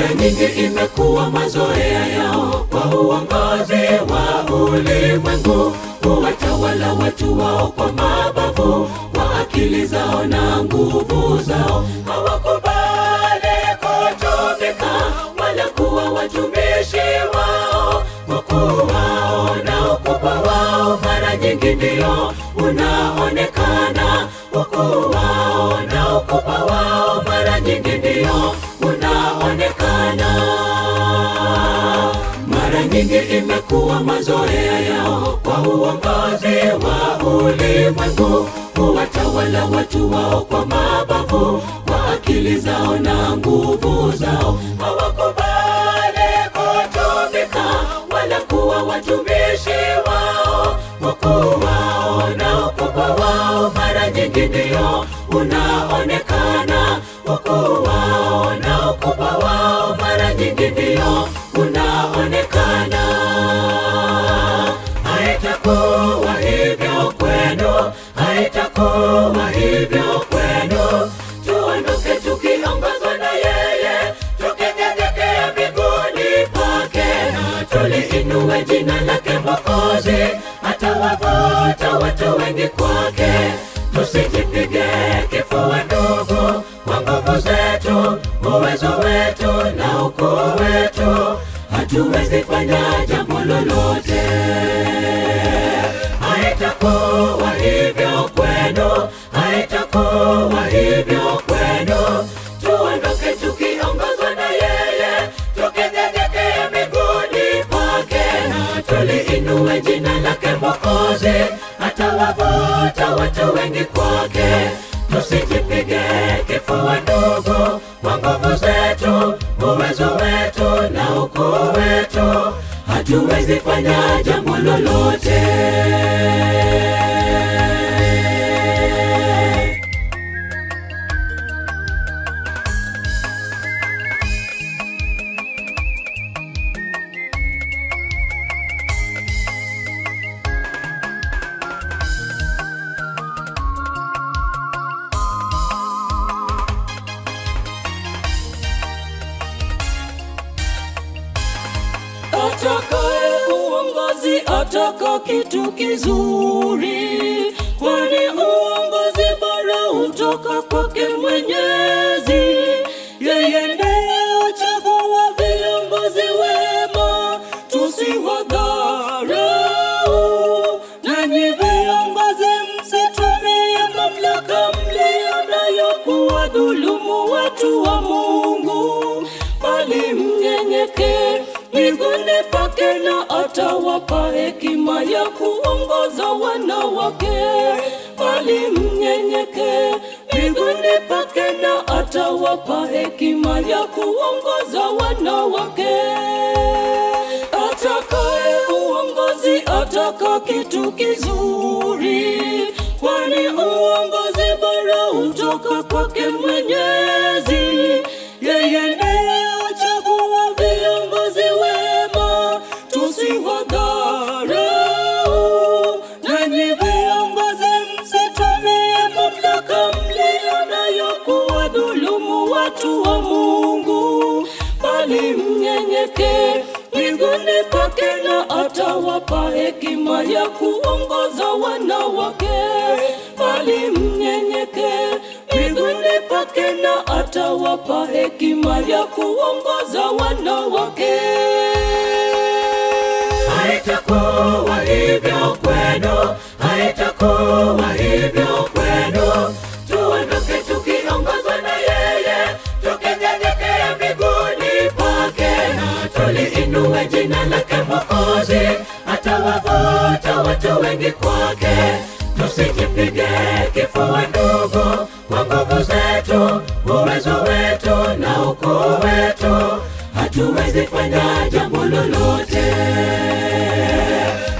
Mara nyingi imekuwa mazoea yao kwa uongozi wa ulimwengu kuwatawala watu wao kwa mabavu kwa akili zao na nguvu zao. Hawakubali kutumika wala kuwa watumishi wao, wakuu wao na ukubwa wao mara nyingi ndio unaonekana nyingi imekuwa mazoea yao kwa uongozi wa ulimwengu huwatawala watu wao kwa mabavu, kwa akili zao na nguvu zao. Hawakubali kutumika wala kuwa watumishi wao, wakuu wao na ukubwa wao mara nyingi ndio unaonekana. Wakuu wao na ukubwa wao mara nyingi ndio Kama hivyo kwenu, tuondoke tukiongozwa na yeye, tukitegemea mbinguni pake, na tuliinue jina lake Mwokozi. Atawavuta watu wengi kwake, tusijipige kifua ndugu, kwa nguvu zetu, uwezo wetu na ukuu wetu hatuwezi fanya jambo lolote. jina lake Mwokozi, atawavuta watu wengi kwake. Tusijipige kifua ndugu, kwa nguvu zetu, uwezo wetu na ukuu wetu hatuwezi fanya jambo lolote. wataka kitu kizuri, kwani uongozi bora hutoka kwake Mwenyezi. Yeye ndiye achagua viongozi wema, tusiwadharau. Nanyi viongozi, msitumie mamlaka mliyo nayo kuwadhulumu watu wa Mungu, bali mnyenyekee miguuni pake, na atawapa hekima ya kuongoza wanawake. Bali mnyenyekee miguuni pake, na atawapa hekima ya kuongoza wanawake. atakae uongozi ataka kitu kizuri, kwani uongozi bora utoka kwake Mwenyezi. alimnyenyekee miguuni pake, na atawapa hekima ya kuongoza wanawake. Alimnyenyekee miguuni pake, na atawapa hekima ya kuongoza wanawake. Haitakuwa hivyo kwetu Usijipige kifua ndugu, kwa nguvu zetu, uwezo wetu na ukoo wetu hatuwezi fanya jambo lolote.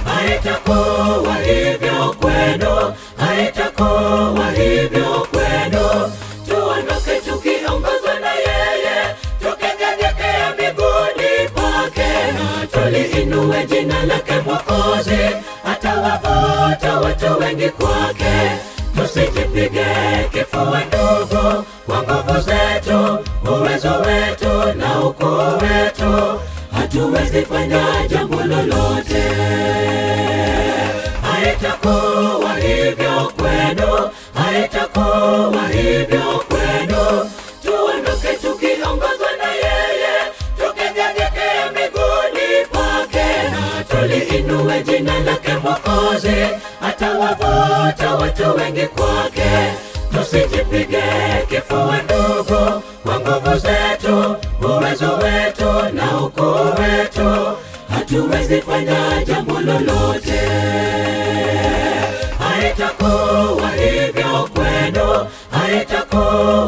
Haitakuwa hivyo kwenu, haitakuwa hivyo kwenu. Tuondoke tukiongozwa na yeye, tukeng'enyekea miguuni pake, tuliinue jina lake Mwokozi kurudi kwake, tusijipige kifua ndugu, kwa nguvu zetu, uwezo wetu na ukuu wetu hatuwezi fanya jambo lolote. Haitakuwa hivyo kwenu, haitakuwa hivyo kwenu. watu wengi kwake. Tusijipige kifua ndugu, kwa nguvu zetu, uwezo wetu na ukuu wetu hatuwezi fanya jambo lolote. Haitakuwa hivyo kwenu, haitakuwa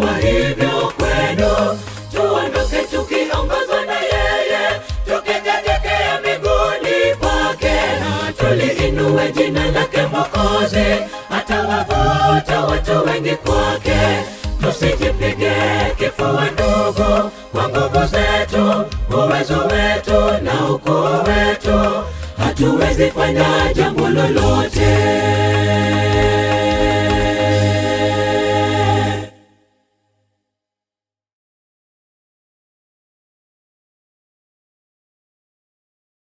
atawavuta watu wengi kwake. Tusijipige kifua ndugu, kwa nguvu zetu, uwezo wetu na ukoo wetu hatuwezi fanya jambo lolote.